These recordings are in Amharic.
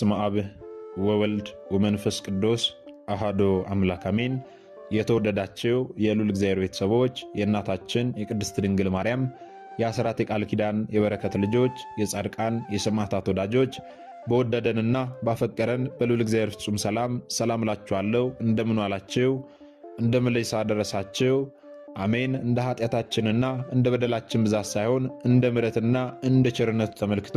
በስመ አብ ወወልድ ወመንፈስ ቅዱስ አሃዶ አምላክ አሜን። የተወደዳቸው የሉል እግዚአብሔር ቤተሰቦች የእናታችን የቅድስት ድንግል ማርያም የአስራት የቃል ኪዳን የበረከት ልጆች የጻድቃን የሰማዕታት ወዳጆች በወደደንና ባፈቀረን በልዑል እግዚአብሔር ፍጹም ሰላም ሰላም ላችኋለሁ። እንደምን ዋላችሁ? እንደምን ለይሳ ደረሳችሁ? አሜን። እንደ ኃጢአታችንና እንደ በደላችን ብዛት ሳይሆን እንደ ምሕረትና እንደ ቸርነቱ ተመልክቶ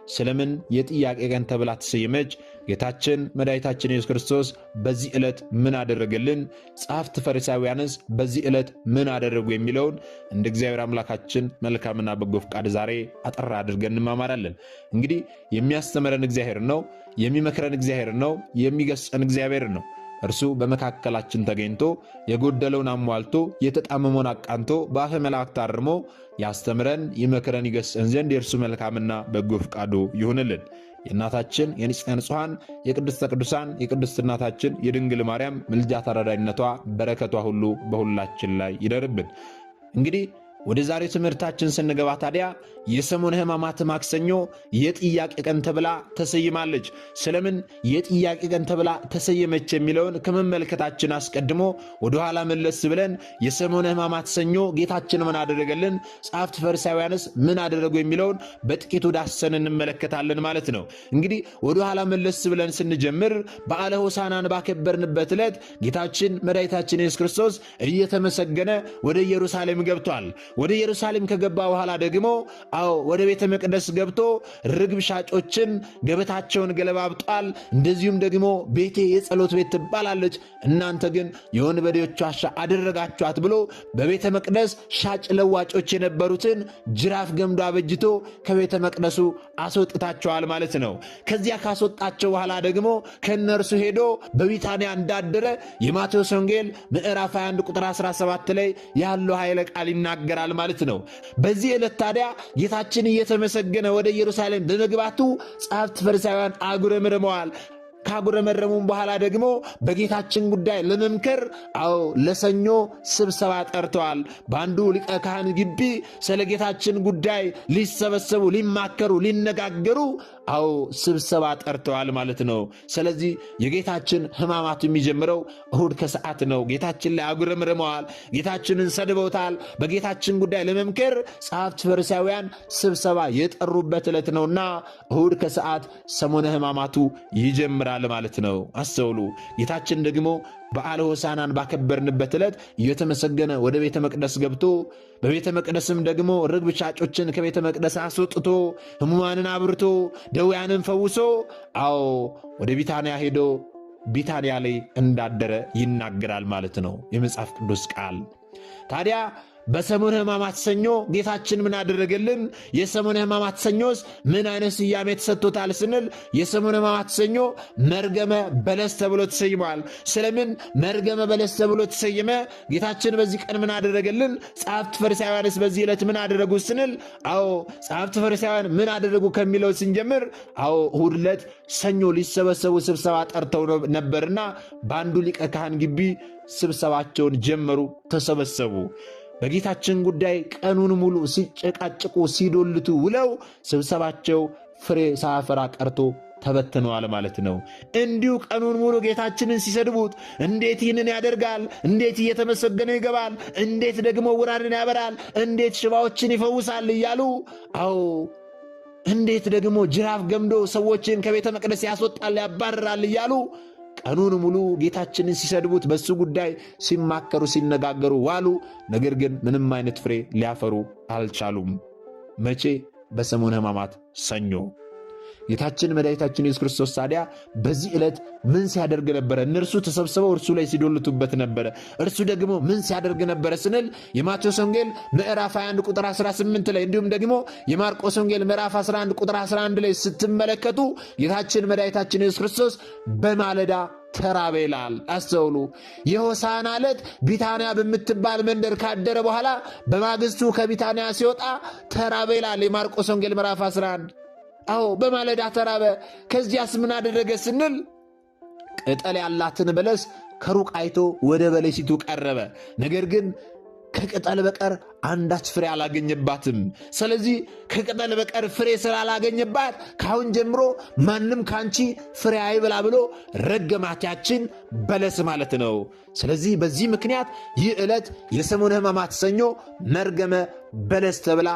ስለምን የጥያቄ ቀን ተብላ ተሰየመች? ጌታችን መድኃኒታችን ኢየሱስ ክርስቶስ በዚህ ዕለት ምን አደረገልን? ጸሐፍት ፈሪሳውያንስ በዚህ ዕለት ምን አደረጉ? የሚለውን እንደ እግዚአብሔር አምላካችን መልካምና በጎ ፍቃድ ዛሬ አጠራ አድርገን እንማማራለን። እንግዲህ የሚያስተምረን እግዚአብሔር ነው፣ የሚመክረን እግዚአብሔር ነው፣ የሚገስጸን እግዚአብሔር ነው። እርሱ በመካከላችን ተገኝቶ የጎደለውን አሟልቶ የተጣመመውን አቃንቶ በአፈ መላእክት አርሞ ያስተምረን ይመክረን ይገስጸን ዘንድ የእርሱ መልካምና በጎ ፍቃዱ ይሁንልን። የእናታችን የንጽሕተ ንጹሐን የቅድስተ ቅዱሳን የቅድስት እናታችን የድንግል ማርያም ምልጃ ተረዳኝነቷ በረከቷ ሁሉ በሁላችን ላይ ይደርብን። እንግዲህ ወደ ዛሬው ትምህርታችን ስንገባ ታዲያ የሰሙነ ሕማማት ማክሰኞ የጥያቄ ቀን ተብላ ተሰይማለች። ስለምን የጥያቄ ቀን ተብላ ተሰየመች የሚለውን ከመመልከታችን አስቀድሞ ወደኋላ መለስ ብለን የሰሙነ ሕማማት ሰኞ ጌታችን ምን አደረገልን፣ ጸሐፍት ፈሪሳውያንስ ምን አደረጉ የሚለውን በጥቂቱ ዳሰን እንመለከታለን ማለት ነው። እንግዲህ ወደኋላ መለስ ብለን ስንጀምር በዓለ ሆሳናን ባከበርንበት ዕለት ጌታችን መድኃኒታችን ኢየሱስ ክርስቶስ እየተመሰገነ ወደ ኢየሩሳሌም ገብቷል። ወደ ኢየሩሳሌም ከገባ በኋላ ደግሞ አዎ ወደ ቤተ መቅደስ ገብቶ ርግብ ሻጮችን ገበታቸውን ገለባብጧል። እንደዚሁም ደግሞ ቤቴ የጸሎት ቤት ትባላለች፣ እናንተ ግን የወንበዴዎች ዋሻ አደረጋችኋት ብሎ በቤተ መቅደስ ሻጭ ለዋጮች የነበሩትን ጅራፍ ገምዶ አበጅቶ ከቤተ መቅደሱ አስወጥታቸዋል ማለት ነው። ከዚያ ካስወጣቸው በኋላ ደግሞ ከእነርሱ ሄዶ በቢታንያ እንዳደረ የማቴዎስ ወንጌል ምዕራፍ 21 ቁጥር 17 ላይ ያለው ኃይለ ቃል ይናገራል ማለት ነው። በዚህ ዕለት ታዲያ ጌታችን እየተመሰገነ ወደ ኢየሩሳሌም በመግባቱ ጸሐፍት ፈሪሳውያን አጉረምርመዋል። ካጉረመረሙም በኋላ ደግሞ በጌታችን ጉዳይ ለመምከር አዎ ለሰኞ ስብሰባ ጠርተዋል። በአንዱ ሊቀ ካህን ግቢ ስለ ጌታችን ጉዳይ ሊሰበሰቡ፣ ሊማከሩ፣ ሊነጋገሩ አዎ ስብሰባ ጠርተዋል ማለት ነው። ስለዚህ የጌታችን ሕማማት የሚጀምረው እሁድ ከሰዓት ነው። ጌታችን ላይ አጉረምርመዋል። ጌታችንን ሰድበውታል። በጌታችን ጉዳይ ለመምከር ጸሐፍት ፈሪሳውያን ስብሰባ የጠሩበት ዕለት ነውና እሁድ ከሰዓት ሰሞነ ሕማማቱ ይጀምራል ማለት ነው። አስተውሉ። ጌታችን ደግሞ በዓለ ሆሳናን ባከበርንበት ዕለት እየተመሰገነ ወደ ቤተ መቅደስ ገብቶ በቤተ መቅደስም ደግሞ ርግብ ሻጮችን ከቤተ መቅደስ አስወጥቶ ሕሙማንን አብርቶ ደውያንን ፈውሶ፣ አዎ ወደ ቢታንያ ሄዶ ቢታንያ ላይ እንዳደረ ይናገራል ማለት ነው የመጽሐፍ ቅዱስ ቃል ታዲያ በሰሙነ ሕማማት ሰኞ ጌታችን ምን አደረገልን? የሰሙነ ሕማማት ሰኞስ ምን አይነት ስያሜ ተሰጥቶታል ስንል የሰሙነ ሕማማት ሰኞ መርገመ በለስ ተብሎ ተሰይሟል። ስለምን መርገመ በለስ ተብሎ ተሰየመ? ጌታችን በዚህ ቀን ምን አደረገልን? ጸሐፍት ፈሪሳውያንስ በዚህ ዕለት ምን አደረጉ ስንል፣ አዎ ጸሐፍት ፈሪሳውያን ምን አደረጉ ከሚለው ስንጀምር፣ አዎ እሁድ ዕለት ሰኞ ሊሰበሰቡ ስብሰባ ጠርተው ነበርና በአንዱ ሊቀ ካህን ግቢ ስብሰባቸውን ጀመሩ፣ ተሰበሰቡ። በጌታችን ጉዳይ ቀኑን ሙሉ ሲጨቃጭቁ ሲዶልቱ ውለው ስብሰባቸው ፍሬ ሳያፈራ ቀርቶ ተበትነዋል ማለት ነው። እንዲሁ ቀኑን ሙሉ ጌታችንን ሲሰድቡት እንዴት ይህንን ያደርጋል? እንዴት እየተመሰገነ ይገባል? እንዴት ደግሞ ውራድን ያበራል? እንዴት ሽባዎችን ይፈውሳል? እያሉ አዎ እንዴት ደግሞ ጅራፍ ገምዶ ሰዎችን ከቤተ መቅደስ ያስወጣል፣ ያባርራል እያሉ ቀኑን ሙሉ ጌታችንን ሲሰድቡት፣ በሱ ጉዳይ ሲማከሩ፣ ሲነጋገሩ ዋሉ። ነገር ግን ምንም አይነት ፍሬ ሊያፈሩ አልቻሉም። መቼ? በሰሙነ ሕማማት ሰኞ ጌታችን መድኃኒታችን ኢየሱስ ክርስቶስ ታዲያ በዚህ ዕለት ምን ሲያደርግ ነበረ? እነርሱ ተሰብስበው እርሱ ላይ ሲዶልቱበት ነበረ። እርሱ ደግሞ ምን ሲያደርግ ነበረ ስንል የማቴዎስ ወንጌል ምዕራፍ 21 ቁጥር 18 ላይ እንዲሁም ደግሞ የማርቆስ ወንጌል ምዕራፍ 11 ቁጥር 11 ላይ ስትመለከቱ ጌታችን መድኃኒታችን ኢየሱስ ክርስቶስ በማለዳ ተራበ ይላል። አስተውሉ። የሆሳና ዕለት ቢታንያ በምትባል መንደር ካደረ በኋላ በማግስቱ ከቢታንያ ሲወጣ ተራበ ይላል የማርቆስ ወንጌል ምዕራፍ 11 አዎ በማለዳ ተራበ፣ ከዚያስ ምን አደረገ ስንል ቅጠል ያላትን በለስ ከሩቅ አይቶ ወደ በለሲቱ ቀረበ። ነገር ግን ከቅጠል በቀር አንዳች ፍሬ አላገኘባትም። ስለዚህ ከቅጠል በቀር ፍሬ ስላላገኘባት ካሁን ጀምሮ ማንም ካንቺ ፍሬ አይብላ ብሎ ረገማቻችን በለስ ማለት ነው። ስለዚህ በዚህ ምክንያት ይህ ዕለት የሰሙነ ሕማማት ሰኞ መርገመ በለስ ተብላ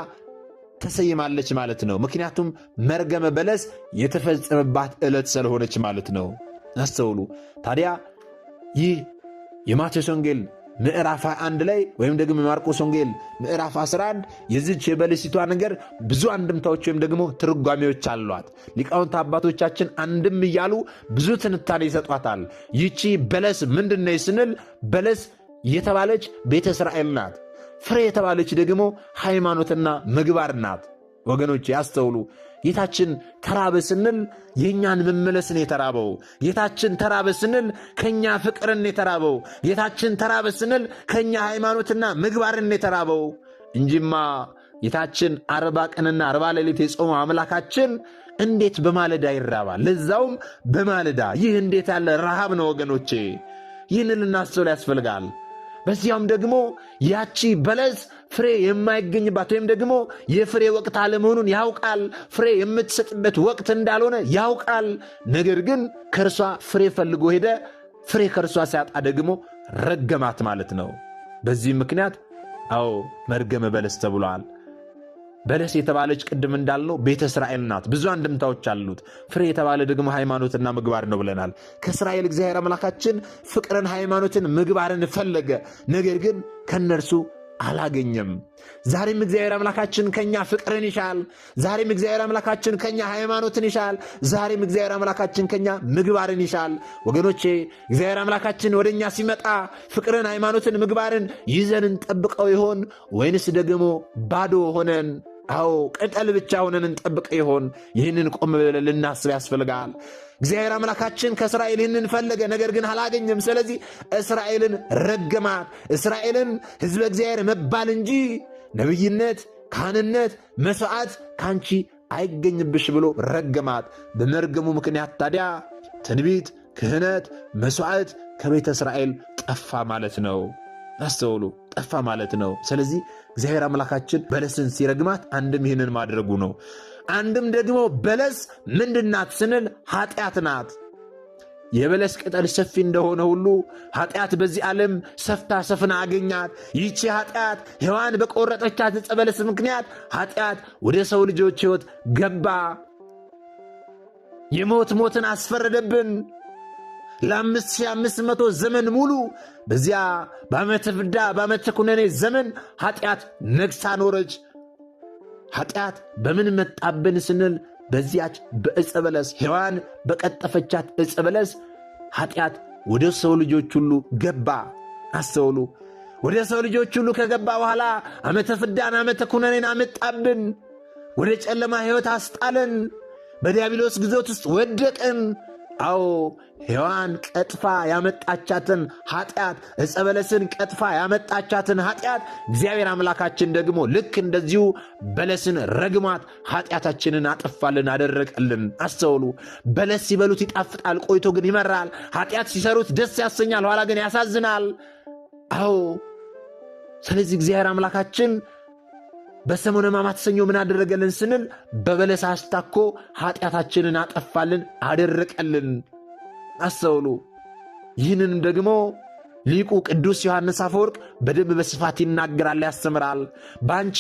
ተሰይማለች ማለት ነው። ምክንያቱም መርገመ በለስ የተፈጸመባት ዕለት ስለሆነች ማለት ነው። አስተውሉ ታዲያ ይህ የማቴዎስ ወንጌል ምዕራፍ 21 ላይ ወይም ደግሞ የማርቆስ ወንጌል ምዕራፍ 11 የዚች የበለሲቷ ነገር ብዙ አንድምታዎች ወይም ደግሞ ትርጓሜዎች አሏት። ሊቃውንት አባቶቻችን አንድም እያሉ ብዙ ትንታኔ ይሰጧታል። ይቺ በለስ ምንድን ስንል በለስ የተባለች ቤተ እስራኤል ናት። ፍሬ የተባለች ደግሞ ሃይማኖትና ምግባር ናት። ወገኖች ያስተውሉ። ጌታችን ተራበ ስንል የእኛን መመለስን የተራበው ጌታችን ተራበ ስንል ከእኛ ፍቅርን የተራበው ጌታችን ተራበ ስንል ከእኛ ሃይማኖትና ምግባርን የተራበው እንጂማ ጌታችን አርባ ቀንና አርባ ሌሊት የጾመ አምላካችን እንዴት በማለዳ ይራባል? ለዛውም በማለዳ። ይህ እንዴት ያለ ረሃብ ነው ወገኖቼ! ይህንን ልናስተውል ያስፈልጋል። በዚያም ደግሞ ያቺ በለስ ፍሬ የማይገኝባት ወይም ደግሞ የፍሬ ወቅት አለመሆኑን ያውቃል። ፍሬ የምትሰጥበት ወቅት እንዳልሆነ ያውቃል። ነገር ግን ከእርሷ ፍሬ ፈልጎ ሄደ። ፍሬ ከእርሷ ሲያጣ ደግሞ ረገማት ማለት ነው። በዚህም ምክንያት አዎ መርገመ በለስ ተብሏል። በለስ የተባለች ቅድም እንዳለው ቤተ እስራኤል ናት። ብዙ አንድምታዎች አሉት። ፍሬ የተባለ ደግሞ ሃይማኖትና ምግባር ነው ብለናል። ከእስራኤል እግዚአብሔር አምላካችን ፍቅርን፣ ሃይማኖትን፣ ምግባርን ፈለገ። ነገር ግን ከነርሱ አላገኘም። ዛሬም እግዚአብሔር አምላካችን ከኛ ፍቅርን ይሻል። ዛሬም እግዚአብሔር አምላካችን ከኛ ሃይማኖትን ይሻል። ዛሬም እግዚአብሔር አምላካችን ከኛ ምግባርን ይሻል። ወገኖቼ እግዚአብሔር አምላካችን ወደ እኛ ሲመጣ ፍቅርን፣ ሃይማኖትን፣ ምግባርን ይዘን እንጠብቀው ይሆን ወይንስ ደግሞ ባዶ ሆነን አዎ ቅጠል ብቻ ሆነን እንጠብቅ ይሆን? ይህንን ቆም ብለን ልናስብ ያስፈልጋል። እግዚአብሔር አምላካችን ከእስራኤል ይህንን ፈለገ፣ ነገር ግን አላገኘም። ስለዚህ እስራኤልን ረገማት። እስራኤልን ሕዝበ እግዚአብሔር መባል እንጂ ነቢይነት፣ ካህንነት፣ መስዋዕት ካንቺ አይገኝብሽ ብሎ ረገማት። በመርገሙ ምክንያት ታዲያ ትንቢት፣ ክህነት፣ መስዋዕት ከቤተ እስራኤል ጠፋ ማለት ነው። አስተውሉ፣ ጠፋ ማለት ነው። ስለዚህ እግዚአብሔር አምላካችን በለስን ሲረግማት አንድም ይህንን ማድረጉ ነው። አንድም ደግሞ በለስ ምንድናት ስንል ኃጢአት ናት። የበለስ ቅጠል ሰፊ እንደሆነ ሁሉ ኃጢአት በዚህ ዓለም ሰፍታ ሰፍና አገኛት። ይቺ ኃጢአት ሔዋን በቆረጠቻት ዕፀ በለስ ምክንያት ኃጢአት ወደ ሰው ልጆች ሕይወት ገባ። የሞት ሞትን አስፈረደብን። ለ5500 ዘመን ሙሉ በዚያ በዓመተ ፍዳ በዓመተ ኩነኔ ዘመን ኃጢአት ነግሳ ኖረች። ኃጢአት በምን መጣብን ስንል በዚያች በዕፀ በለስ ሔዋን በቀጠፈቻት ዕፀ በለስ ኃጢአት ወደ ሰው ልጆች ሁሉ ገባ። አስተውሉ። ወደ ሰው ልጆች ሁሉ ከገባ በኋላ ዓመተ ፍዳን ዓመተ ኩነኔን አመጣብን። ወደ ጨለማ ሕይወት አስጣለን። በዲያብሎስ ግዞት ውስጥ ወደቅን። አዎ ሔዋን ቀጥፋ ያመጣቻትን ኃጢአት ዕፀ በለስን ቀጥፋ ያመጣቻትን ኃጢአት እግዚአብሔር አምላካችን ደግሞ ልክ እንደዚሁ በለስን ረግማት ኃጢአታችንን አጠፋልን፣ አደረቀልን። አስተውሉ። በለስ ሲበሉት ይጣፍጣል፣ ቆይቶ ግን ይመራል። ኃጢአት ሲሰሩት ደስ ያሰኛል፣ ኋላ ግን ያሳዝናል። አዎ ስለዚህ እግዚአብሔር አምላካችን በሰሙነ ሕማማት ሰኞ ምን አደረገልን ስንል በበለስ አስታኮ ኃጢአታችንን አጠፋልን፣ አደረቀልን። አስተውሉ። ይህንንም ደግሞ ሊቁ ቅዱስ ዮሐንስ አፈወርቅ በደንብ በስፋት ይናገራል፣ ያስተምራል። በአንቺ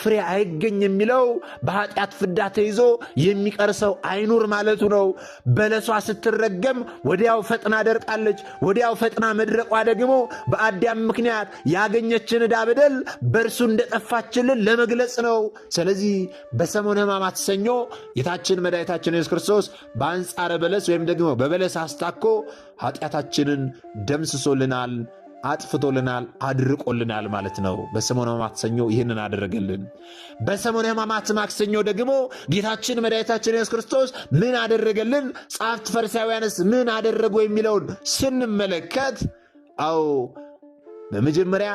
ፍሬ አይገኝ የሚለው በኃጢአት ፍዳ ተይዞ የሚቀር ሰው አይኑር ማለቱ ነው። በለሷ ስትረገም ወዲያው ፈጥና ደርቃለች። ወዲያው ፈጥና መድረቋ ደግሞ በአዳም ምክንያት ያገኘችን ዕዳ በደል በእርሱ እንደጠፋችልን ለመግለጽ ነው። ስለዚህ በሰሙነ ሕማማት ሰኞ ጌታችን መድኃኒታችን ኢየሱስ ክርስቶስ በአንጻረ በለስ ወይም ደግሞ በበለስ አስታኮ ኃጢአታችንን ደምስሶልናል፣ አጥፍቶልናል፣ አድርቆልናል ማለት ነው። በሰሞነ ሕማማት ሰኞ ይህንን አደረገልን። በሰሞነ ሕማማት ማክሰኞ ደግሞ ጌታችን መድኃኒታችን ኢየሱስ ክርስቶስ ምን አደረገልን? ጸሐፍት ፈሪሳውያንስ ምን አደረጉ? የሚለውን ስንመለከት አዎ በመጀመሪያ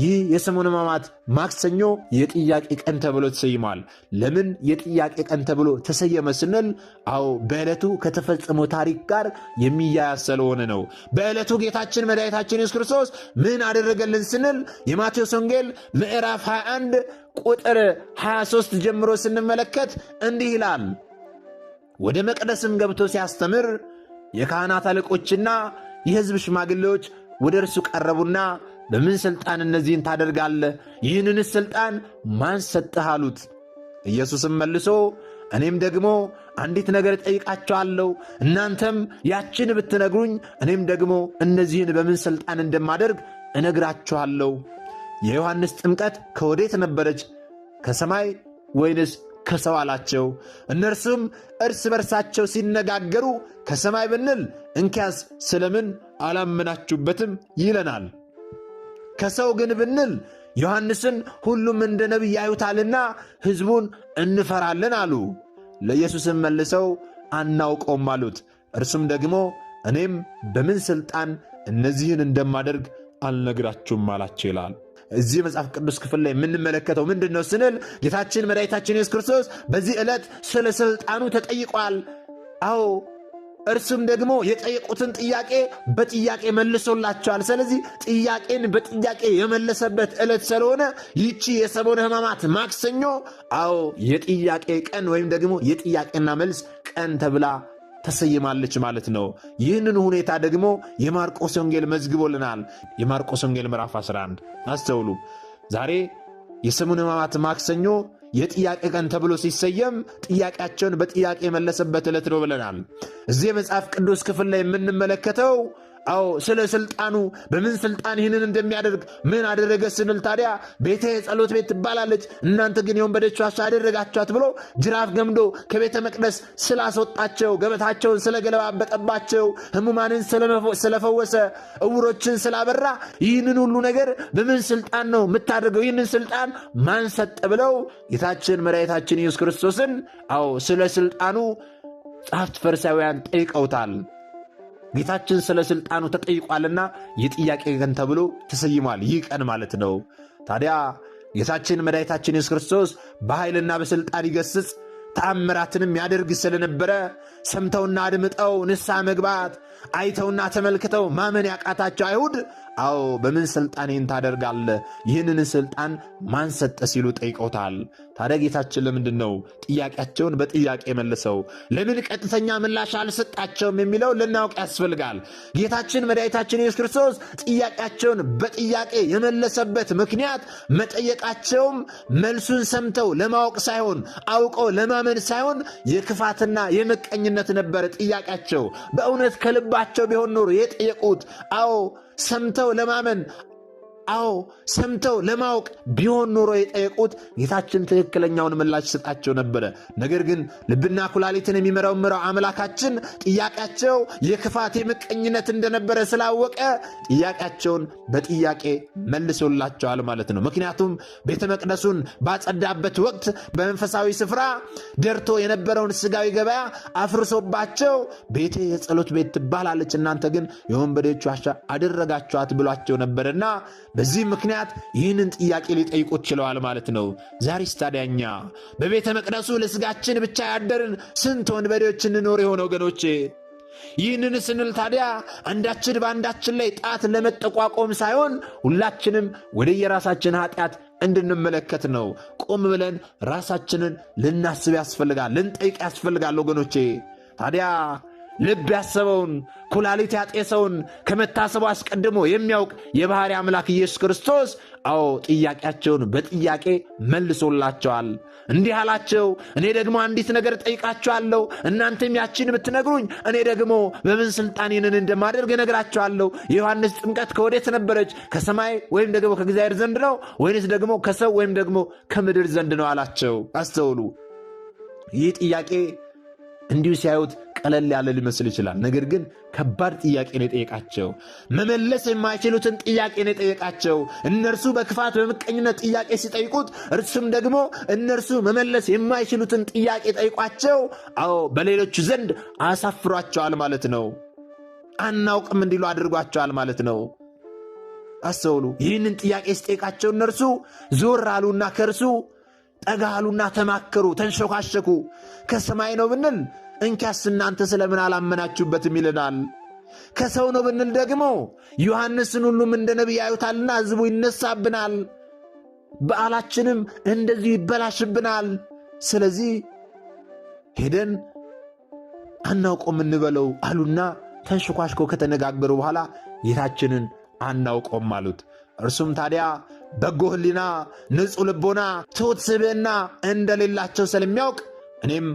ይህ የሰሙነ ሕማማት ማክሰኞ የጥያቄ ቀን ተብሎ ተሰይሟል። ለምን የጥያቄ ቀን ተብሎ ተሰየመ ስንል፣ አዎ በዕለቱ ከተፈጸመው ታሪክ ጋር የሚያያዝ ስለሆነ ነው። በዕለቱ ጌታችን መድኃኒታችን ኢየሱስ ክርስቶስ ምን አደረገልን ስንል የማቴዎስ ወንጌል ምዕራፍ 21 ቁጥር 23 ጀምሮ ስንመለከት እንዲህ ይላል። ወደ መቅደስም ገብቶ ሲያስተምር የካህናት አለቆችና የሕዝብ ሽማግሌዎች ወደ እርሱ ቀረቡና በምን ሥልጣን እነዚህን ታደርጋለህ? ይህንንስ ሥልጣን ማን ሰጠህ? አሉት። ኢየሱስም መልሶ እኔም ደግሞ አንዲት ነገር እጠይቃችኋለሁ፣ እናንተም ያችን ብትነግሩኝ እኔም ደግሞ እነዚህን በምን ሥልጣን እንደማደርግ እነግራችኋለሁ። የዮሐንስ ጥምቀት ከወዴት ነበረች? ከሰማይ ወይንስ ከሰው አላቸው። እነርሱም እርስ በርሳቸው ሲነጋገሩ ከሰማይ ብንል እንኪያስ ስለምን አላመናችሁበትም ይለናል። ከሰው ግን ብንል ዮሐንስን ሁሉም እንደ ነቢይ ያዩታልና ሕዝቡን እንፈራለን አሉ። ለኢየሱስም መልሰው አናውቀውም አሉት። እርሱም ደግሞ እኔም በምን ሥልጣን እነዚህን እንደማደርግ አልነግራችሁም አላቸው ይላል። እዚህ መጽሐፍ ቅዱስ ክፍል ላይ የምንመለከተው ምንድን ነው ስንል ጌታችን መድኃኒታችን ኢየሱስ ክርስቶስ በዚህ ዕለት ስለ ሥልጣኑ ተጠይቋል። አዎ እርሱም ደግሞ የጠየቁትን ጥያቄ በጥያቄ መልሶላቸዋል። ስለዚህ ጥያቄን በጥያቄ የመለሰበት ዕለት ስለሆነ ይቺ የሰሙነ ሕማማት ማክሰኞ፣ አዎ የጥያቄ ቀን ወይም ደግሞ የጥያቄና መልስ ቀን ተብላ ተሰይማለች ማለት ነው። ይህንን ሁኔታ ደግሞ የማርቆስ ወንጌል መዝግቦልናል። የማርቆስ ወንጌል ምዕራፍ 11 አስተውሉ። ዛሬ የሰሙነ ሕማማት ማክሰኞ የጥያቄ ቀን ተብሎ ሲሰየም ጥያቄያቸውን በጥያቄ የመለሰበት ዕለት ነው ብለናል። እዚህ የመጽሐፍ ቅዱስ ክፍል ላይ የምንመለከተው አዎ ስለ ስልጣኑ በምን ስልጣን ይህንን እንደሚያደርግ ምን አደረገ ስንል ታዲያ ቤተ ጸሎት ቤት ትባላለች፣ እናንተ ግን የወንበዴች ዋሻ አደረጋችኋት ብሎ ጅራፍ ገምዶ ከቤተ መቅደስ ስላስወጣቸው፣ ገበታቸውን ስለገለባበጠባቸው፣ ህሙማንን ስለፈወሰ፣ እውሮችን ስላበራ ይህንን ሁሉ ነገር በምን ስልጣን ነው የምታደርገው? ይህንን ስልጣን ማን ሰጠ? ብለው ጌታችን መድኃኒታችን ኢየሱስ ክርስቶስን አዎ ስለ ስልጣኑ ጸሐፍት ፈሪሳውያን ጠይቀውታል። ጌታችን ስለ ስልጣኑ ተጠይቋልና የጥያቄ ቀን ተብሎ ተሰይሟል። ይህ ቀን ማለት ነው። ታዲያ ጌታችን መድኃኒታችን ኢየሱስ ክርስቶስ በኃይልና በስልጣን ይገስጽ ተአምራትንም ያደርግ ስለነበረ ሰምተውና አድምጠው ንስሐ መግባት አይተውና ተመልክተው ማመን ያቃታቸው አይሁድ አዎ በምን ስልጣን ይህን ታደርጋለህ? ይህንን ስልጣን ማን ሰጠ ሲሉ ጠይቀውታል። ታዲያ ጌታችን ለምንድን ነው ጥያቄያቸውን በጥያቄ መልሰው ለምን ቀጥተኛ ምላሽ አልሰጣቸውም የሚለው ልናውቅ ያስፈልጋል። ጌታችን መድኃኒታችን ኢየሱስ ክርስቶስ ጥያቄያቸውን በጥያቄ የመለሰበት ምክንያት መጠየቃቸውም መልሱን ሰምተው ለማወቅ ሳይሆን አውቀው ለማመን ሳይሆን የክፋትና የምቀኝነት ነበረ ጥያቄያቸው። በእውነት ከልባቸው ቢሆን ኖሮ የጠየቁት አዎ ሰምተው ለማመን አዎ ሰምተው ለማወቅ ቢሆን ኖሮ የጠየቁት ጌታችን ትክክለኛውን ምላሽ ይሰጣቸው ነበረ። ነገር ግን ልብና ኩላሊትን የሚመረምረው አምላካችን ጥያቄያቸው የክፋት የምቀኝነት እንደነበረ ስላወቀ ጥያቄያቸውን በጥያቄ መልሶላቸዋል ማለት ነው። ምክንያቱም ቤተ መቅደሱን ባጸዳበት ወቅት በመንፈሳዊ ስፍራ ደርቶ የነበረውን ስጋዊ ገበያ አፍርሶባቸው ቤቴ የጸሎት ቤት ትባላለች፣ እናንተ ግን የወንበዴዎች ዋሻ አደረጋችኋት ብሏቸው ነበርና በዚህ ምክንያት ይህንን ጥያቄ ሊጠይቁት ችለዋል ማለት ነው። ዛሬስ ታዲያኛ በቤተ መቅደሱ ለስጋችን ብቻ ያደርን ስንት ወንበዴዎች እንኖር የሆነ ወገኖቼ? ይህንን ስንል ታዲያ አንዳችን በአንዳችን ላይ ጣት ለመጠቋቆም ሳይሆን ሁላችንም ወደ የራሳችን ኃጢአት እንድንመለከት ነው። ቆም ብለን ራሳችንን ልናስብ ያስፈልጋል፣ ልንጠይቅ ያስፈልጋል ወገኖቼ ታዲያ ልብ ያሰበውን ኩላሊት ያጤሰውን ከመታሰቡ አስቀድሞ የሚያውቅ የባሕርይ አምላክ ኢየሱስ ክርስቶስ አዎ ጥያቄያቸውን በጥያቄ መልሶላቸዋል። እንዲህ አላቸው፣ እኔ ደግሞ አንዲት ነገር ጠይቃችኋለሁ፣ እናንተም ያችን ብትነግሩኝ እኔ ደግሞ በምን ስልጣን ይህንን እንደማደርግ እነግራችኋለሁ። የዮሐንስ ጥምቀት ከወዴት ነበረች? ከሰማይ ወይም ደግሞ ከእግዚአብሔር ዘንድ ነው ወይንስ ደግሞ ከሰው ወይም ደግሞ ከምድር ዘንድ ነው አላቸው። አስተውሉ። ይህ ጥያቄ እንዲሁ ሲያዩት ቀለል ያለ ሊመስል ይችላል። ነገር ግን ከባድ ጥያቄ ነው የጠየቃቸው። መመለስ የማይችሉትን ጥያቄ ነው የጠየቃቸው። እነርሱ በክፋት በምቀኝነት ጥያቄ ሲጠይቁት፣ እርሱም ደግሞ እነርሱ መመለስ የማይችሉትን ጥያቄ ጠይቋቸው፣ አዎ በሌሎቹ ዘንድ አሳፍሯቸዋል ማለት ነው። አናውቅም እንዲሉ አድርጓቸዋል ማለት ነው። አስተውሉ። ይህንን ጥያቄ ሲጠይቃቸው እነርሱ ዞር አሉና ከእርሱ ጠጋ አሉና ተማከሩ፣ ተንሸኳሸኩ። ከሰማይ ነው ብንል እንኪያስ እናንተ ስለምን አላመናችሁበትም ይልናል። ከሰው ነው ብንል ደግሞ ዮሐንስን ሁሉም እንደ ነቢይ ያዩታልና ሕዝቡ ይነሳብናል፣ በዓላችንም እንደዚሁ ይበላሽብናል። ስለዚህ ሄደን አናውቆም እንበለው አሉና ተንሽኳሽኮ ከተነጋገሩ በኋላ ጌታችንን አናውቀውም አሉት። እርሱም ታዲያ በጎ ሕሊና፣ ንጹሕ ልቦና፣ ትሑት ስብዕና እንደሌላቸው ስለሚያውቅ እኔም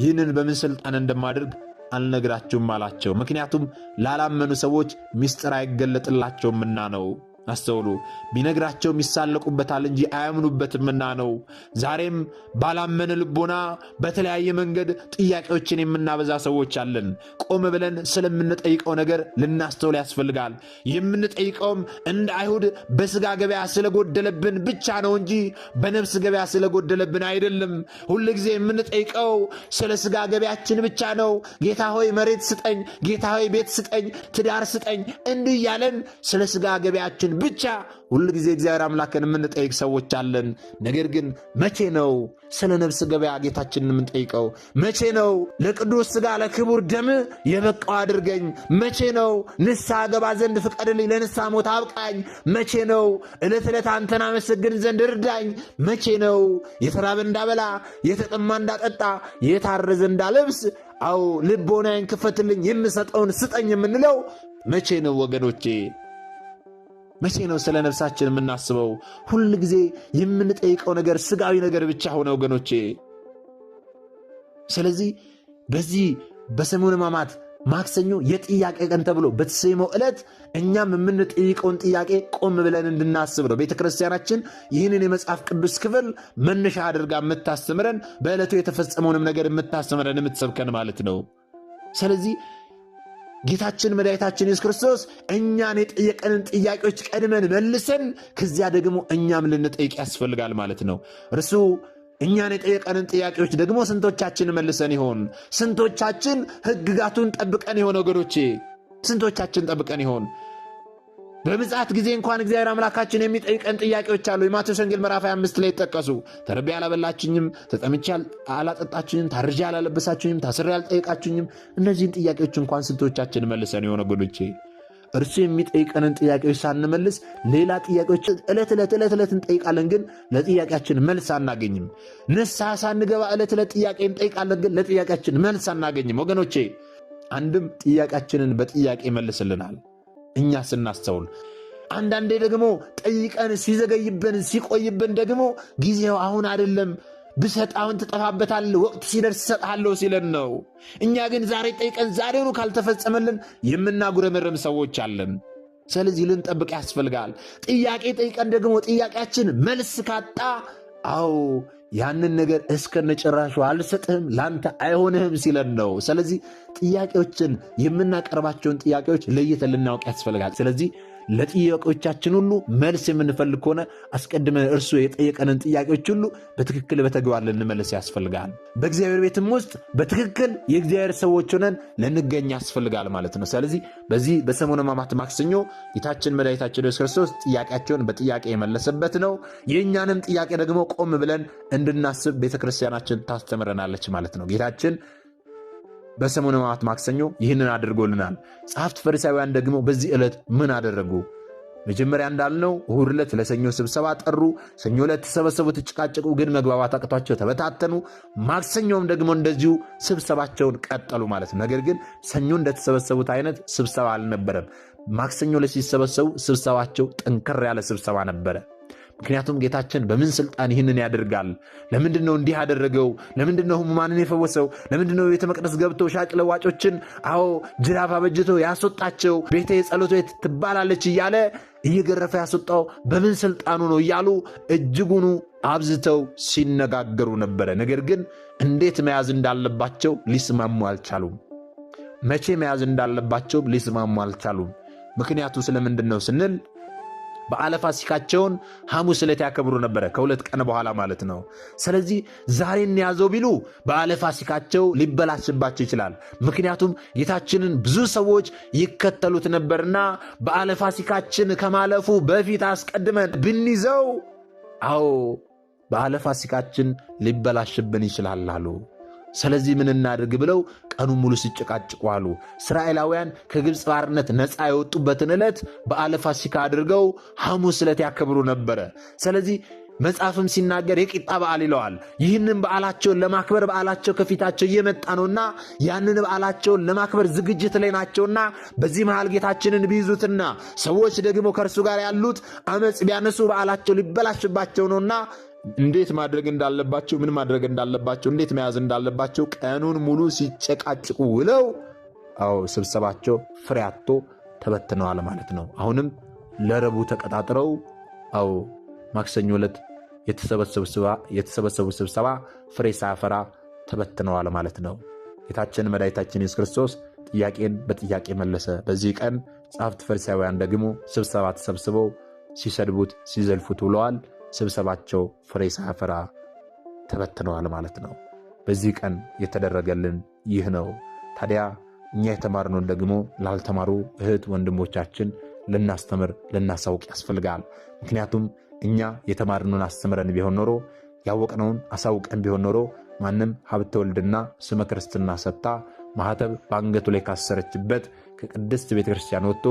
ይህንን በምን ሥልጣን እንደማደርግ አልነግራችሁም አላቸው። ምክንያቱም ላላመኑ ሰዎች ምስጢር አይገለጥላቸውምና ነው። አስተውሉ። ቢነግራቸው የሚሳለቁበታል እንጂ አያምኑበትምና ነው። ዛሬም ባላመነ ልቦና በተለያየ መንገድ ጥያቄዎችን የምናበዛ ሰዎች አለን። ቆም ብለን ስለምንጠይቀው ነገር ልናስተውል ያስፈልጋል። የምንጠይቀውም እንደ አይሁድ በስጋ ገበያ ስለጎደለብን ብቻ ነው እንጂ በነፍስ ገበያ ስለጎደለብን አይደለም። ሁልጊዜ የምንጠይቀው ስለ ስጋ ገበያችን ብቻ ነው። ጌታ ሆይ መሬት ስጠኝ፣ ጌታ ሆይ ቤት ስጠኝ፣ ትዳር ስጠኝ፣ እንዲህ እያለን ስለ ስጋ ገበያችን እርሱን ብቻ ሁል ጊዜ እግዚአብሔር አምላክን የምንጠይቅ ሰዎች አለን። ነገር ግን መቼ ነው ስለ ነብስ ገበያ ጌታችንን የምንጠይቀው? መቼ ነው ለቅዱስ ሥጋ ለክቡር ደም የበቃው አድርገኝ? መቼ ነው ንስሐ ገባ ዘንድ ፍቀድልኝ፣ ለንስሐ ሞት አብቃኝ? መቼ ነው ዕለት ዕለት አንተን አመሰግን ዘንድ እርዳኝ? መቼ ነው የተራበ እንዳበላ፣ የተጠማ እንዳጠጣ፣ የታረዘ እንዳለብስ አው ልቦናዬን ክፈትልኝ፣ የምሰጠውን ስጠኝ የምንለው መቼ ነው ወገኖቼ? መቼ ነው ስለ ነፍሳችን የምናስበው? ሁል ጊዜ የምንጠይቀው ነገር ስጋዊ ነገር ብቻ ሆነ ወገኖቼ። ስለዚህ በዚህ በሰሙነ ሕማማት ማክሰኞ የጥያቄ ቀን ተብሎ በተሰየመው ዕለት እኛም የምንጠይቀውን ጥያቄ ቆም ብለን እንድናስብ ነው ቤተ ክርስቲያናችን ይህንን የመጽሐፍ ቅዱስ ክፍል መነሻ አድርጋ የምታስተምረን፣ በዕለቱ የተፈጸመውንም ነገር የምታስተምረን የምትሰብከን ማለት ነው። ስለዚህ ጌታችን መድኃኒታችን ኢየሱስ ክርስቶስ እኛን የጠየቀንን ጥያቄዎች ቀድመን መልሰን ከዚያ ደግሞ እኛም ልንጠይቅ ያስፈልጋል ማለት ነው። እርሱ እኛን የጠየቀንን ጥያቄዎች ደግሞ ስንቶቻችን መልሰን ይሆን? ስንቶቻችን ሕግጋቱን ጠብቀን ይሆን? ወገኖቼ ስንቶቻችን ጠብቀን ይሆን? በምጽአት ጊዜ እንኳን እግዚአብሔር አምላካችን የሚጠይቀን ጥያቄዎች አሉ። የማቴዎስ ወንጌል ምዕራፍ 25 ላይ ይጠቀሱ። ተርቤ አላበላችኝም፣ ተጠምቼ አላጠጣችኝም፣ ታርዤ አላለበሳችኝም፣ ታስሬ አልጠየቃችኝም። እነዚህን ጥያቄዎች እንኳን ስንቶቻችን መልሰን የሆነ ጎዶቼ እርሱ የሚጠይቀንን ጥያቄዎች ሳንመልስ ሌላ ጥያቄዎች ዕለት ዕለት ዕለት ዕለት እንጠይቃለን፣ ግን ለጥያቄያችን መልስ አናገኝም። ንስሐ ሳንገባ ዕለት ዕለት ጥያቄ እንጠይቃለን፣ ግን ለጥያቄያችን መልስ አናገኝም። ወገኖቼ አንድም ጥያቄያችንን በጥያቄ መልስልናል። እኛ ስናስተውል አንዳንዴ ደግሞ ጠይቀን ሲዘገይብን ሲቆይብን ደግሞ ጊዜው አሁን አይደለም ብሰጥ አሁን ትጠፋበታል ወቅት ሲደርስ እሰጥሃለሁ ሲለን ነው። እኛ ግን ዛሬ ጠይቀን ዛሬውኑ ካልተፈጸመልን የምናጉረመረም ሰዎች አለን። ስለዚህ ልንጠብቅ ያስፈልጋል። ጥያቄ ጠይቀን ደግሞ ጥያቄያችን መልስ ካጣ አዎ ያንን ነገር እስከነጭራሹ አልሰጥህም፣ ለአንተ አይሆንህም ሲለን ነው። ስለዚህ ጥያቄዎችን የምናቀርባቸውን ጥያቄዎች ለይተን ልናውቅ ያስፈልጋል። ስለዚህ ለጥያቄዎቻችን ሁሉ መልስ የምንፈልግ ከሆነ አስቀድመን እርሱ የጠየቀንን ጥያቄዎች ሁሉ በትክክል በተግባር ልንመልስ ያስፈልጋል። በእግዚአብሔር ቤትም ውስጥ በትክክል የእግዚአብሔር ሰዎች ሆነን ልንገኝ ያስፈልጋል ማለት ነው። ስለዚህ በዚህ በሰሙነ ሕማማት ማክሰኞ ጌታችን መድኃኒታችን ኢየሱስ ክርስቶስ ጥያቄያቸውን በጥያቄ የመለሰበት ነው። የእኛንም ጥያቄ ደግሞ ቆም ብለን እንድናስብ ቤተክርስቲያናችን ታስተምረናለች ማለት ነው ጌታችን በሰሙነ ሕማማት ማክሰኞ ይህንን አድርጎልናል። ጸሐፍት ፈሪሳውያን ደግሞ በዚህ ዕለት ምን አደረጉ? መጀመሪያ እንዳልነው እሁድ ዕለት ለሰኞ ስብሰባ ጠሩ። ሰኞ ዕለት ተሰበሰቡ፣ ተጨቃጨቁ፣ ግን መግባባት አቅቷቸው ተበታተኑ። ማክሰኞም ደግሞ እንደዚሁ ስብሰባቸውን ቀጠሉ ማለት ነው። ነገር ግን ሰኞ እንደተሰበሰቡት አይነት ስብሰባ አልነበረም። ማክሰኞ ዕለት ሲሰበሰቡ ስብሰባቸው ጠንከር ያለ ስብሰባ ነበረ። ምክንያቱም ጌታችን በምን ስልጣን ይህንን ያደርጋል? ለምንድን ነው እንዲህ ያደረገው? ለምንድን ነው ህሙማንን የፈወሰው? ለምንድን ነው ቤተ መቅደስ ገብቶ ሻጭ ለዋጮችን፣ አዎ ጅራፍ አበጅቶ ያስወጣቸው? ቤተ ጸሎት ቤት ትባላለች እያለ እየገረፈ ያስወጣው በምን ስልጣኑ ነው እያሉ እጅጉኑ አብዝተው ሲነጋገሩ ነበረ። ነገር ግን እንዴት መያዝ እንዳለባቸው ሊስማሙ አልቻሉም። መቼ መያዝ እንዳለባቸውም ሊስማሙ አልቻሉም። ምክንያቱ ስለምንድን ነው ስንል በዓለ ፋሲካቸውን ሐሙስ ዕለት ያከብሩ ነበረ፣ ከሁለት ቀን በኋላ ማለት ነው። ስለዚህ ዛሬ እንያዘው ቢሉ በዓለ ፋሲካቸው ሊበላሽባቸው ይችላል። ምክንያቱም ጌታችንን ብዙ ሰዎች ይከተሉት ነበርና በዓለ ፋሲካችን ከማለፉ በፊት አስቀድመን ብንይዘው፣ አዎ በዓለ ፋሲካችን ሊበላሽብን ይችላል አሉ። ስለዚህ ምን እናድርግ ብለው ቀኑን ሙሉ ሲጨቃጭቁ አሉ። እስራኤላውያን ከግብፅ ባርነት ነፃ የወጡበትን ዕለት በዓለ ፋሲካ አድርገው ሐሙስ ዕለት ያከብሩ ነበረ። ስለዚህ መጽሐፍም ሲናገር የቂጣ በዓል ይለዋል። ይህንን በዓላቸውን ለማክበር በዓላቸው ከፊታቸው እየመጣ ነውና ያንን በዓላቸውን ለማክበር ዝግጅት ላይ ናቸውና በዚህ መሃል ጌታችንን ቢይዙትና ሰዎች ደግሞ ከእርሱ ጋር ያሉት አመፅ ቢያነሱ በዓላቸው ሊበላሽባቸው ነውና እንዴት ማድረግ እንዳለባቸው፣ ምን ማድረግ እንዳለባቸው፣ እንዴት መያዝ እንዳለባቸው ቀኑን ሙሉ ሲጨቃጭቁ ውለው አዎ ስብሰባቸው ፍሬ አጥቶ ተበትነዋል ማለት ነው። አሁንም ለረቡ ተቀጣጥረው አዎ ማክሰኞ ዕለት የተሰበሰቡ ስብሰባ ፍሬ ሳያፈራ ተበትነዋል ማለት ነው። ጌታችን መድኃኒታችን ኢየሱስ ክርስቶስ ጥያቄን በጥያቄ መለሰ። በዚህ ቀን ጸሐፍት ፈሪሳውያን ደግሞ ስብሰባ ተሰብስበው ሲሰድቡት ሲዘልፉት ውለዋል። ስብሰባቸው ፍሬ ሳያፈራ ተበትነዋል ማለት ነው። በዚህ ቀን የተደረገልን ይህ ነው። ታዲያ እኛ የተማርነውን ደግሞ ላልተማሩ እህት ወንድሞቻችን ልናስተምር ልናሳውቅ ያስፈልጋል። ምክንያቱም እኛ የተማርነውን አስተምረን ቢሆን ኖሮ ያወቅነውን አሳውቀን ቢሆን ኖሮ ማንም ሀብተ ወልድና ስመ ክርስትና ሰጥታ ማህተብ በአንገቱ ላይ ካሰረችበት ከቅድስት ቤተ ክርስቲያን ወጥቶ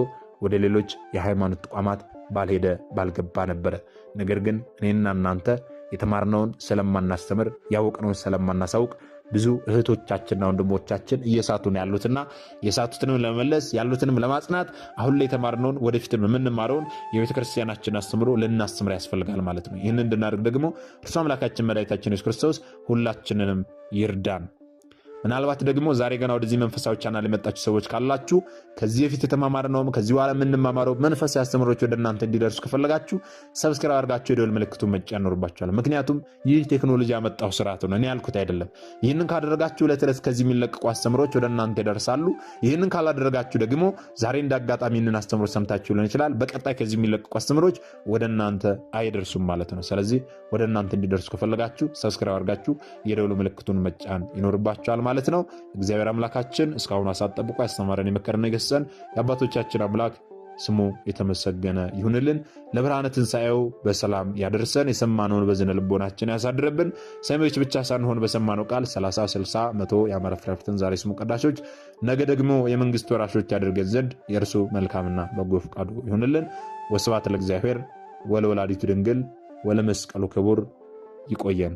ወደ ሌሎች የሃይማኖት ተቋማት ባልሄደ ባልገባ ነበረ። ነገር ግን እኔና እናንተ የተማርነውን ስለማናስተምር ያወቅነውን ስለማናሳውቅ ብዙ እህቶቻችንና ወንድሞቻችን እየሳቱን ያሉትና የሳቱትንም ለመመለስ ያሉትንም ለማጽናት አሁን ላይ የተማርነውን ወደፊትም የምንማረውን የቤተ ክርስቲያናችን አስተምሮ ልናስተምር ያስፈልጋል ማለት ነው። ይህን እንድናደርግ ደግሞ እርሱ አምላካችን መድኃኒታችን ኢየሱስ ክርስቶስ ሁላችንንም ይርዳን። ምናልባት ደግሞ ዛሬ ገና ወደዚህ መንፈሳዊ ቻናል የመጣችሁ ሰዎች ካላችሁ ከዚህ በፊት የተማማርነውም ከዚህ በኋላ የምንማማረው መንፈሳዊ አስተምሮች ወደ እናንተ እንዲደርሱ ከፈለጋችሁ ሰብስክራይብ አድርጋችሁ የደወል ምልክቱን መጫን ይኖርባችኋል። ምክንያቱም ይህ ቴክኖሎጂ ያመጣው ስርዓት ነው፣ እኔ ያልኩት አይደለም። ይህንን ካደረጋችሁ ዕለት ዕለት ከዚህ የሚለቀቁ አስተምሮች ወደ እናንተ ይደርሳሉ። ይህንን ካላደረጋችሁ ደግሞ ዛሬ እንደ አጋጣሚ ይህንን አስተምሮ ሰምታችሁ ሊሆን ይችላል፣ በቀጣይ ከዚህ የሚለቀቁ አስተምሮች ወደ እናንተ አይደርሱም ማለት ነው። ስለዚህ ወደ እናንተ እንዲደርሱ ከፈለጋችሁ ሰብስክራይብ አድርጋችሁ የደወል ምልክቱን መጫን ይኖርባችኋል። ማለት ነው። እግዚአብሔር አምላካችን እስካሁን አሳጠብቆ ያስተማረን የመከረን የገሰጸን የአባቶቻችን አምላክ ስሙ የተመሰገነ ይሁንልን። ለብርሃነ ትንሣኤው በሰላም ያደርሰን። የሰማነውን በዝነ ልቦናችን ያሳድረብን። ሰሚዎች ብቻ ሳንሆን በሰማነው ቃል 30፣ 60፣ መቶ የአማረ ፍሬ አፍርተን ዛሬ ስሙ ቀዳሾች፣ ነገ ደግሞ የመንግስት ወራሾች ያደርገን ዘንድ የእርሱ መልካምና በጎ ፈቃዱ ይሁንልን። ወስብሐት ለእግዚአብሔር ወለወላዲቱ ድንግል ወለመስቀሉ ክቡር። ይቆየን።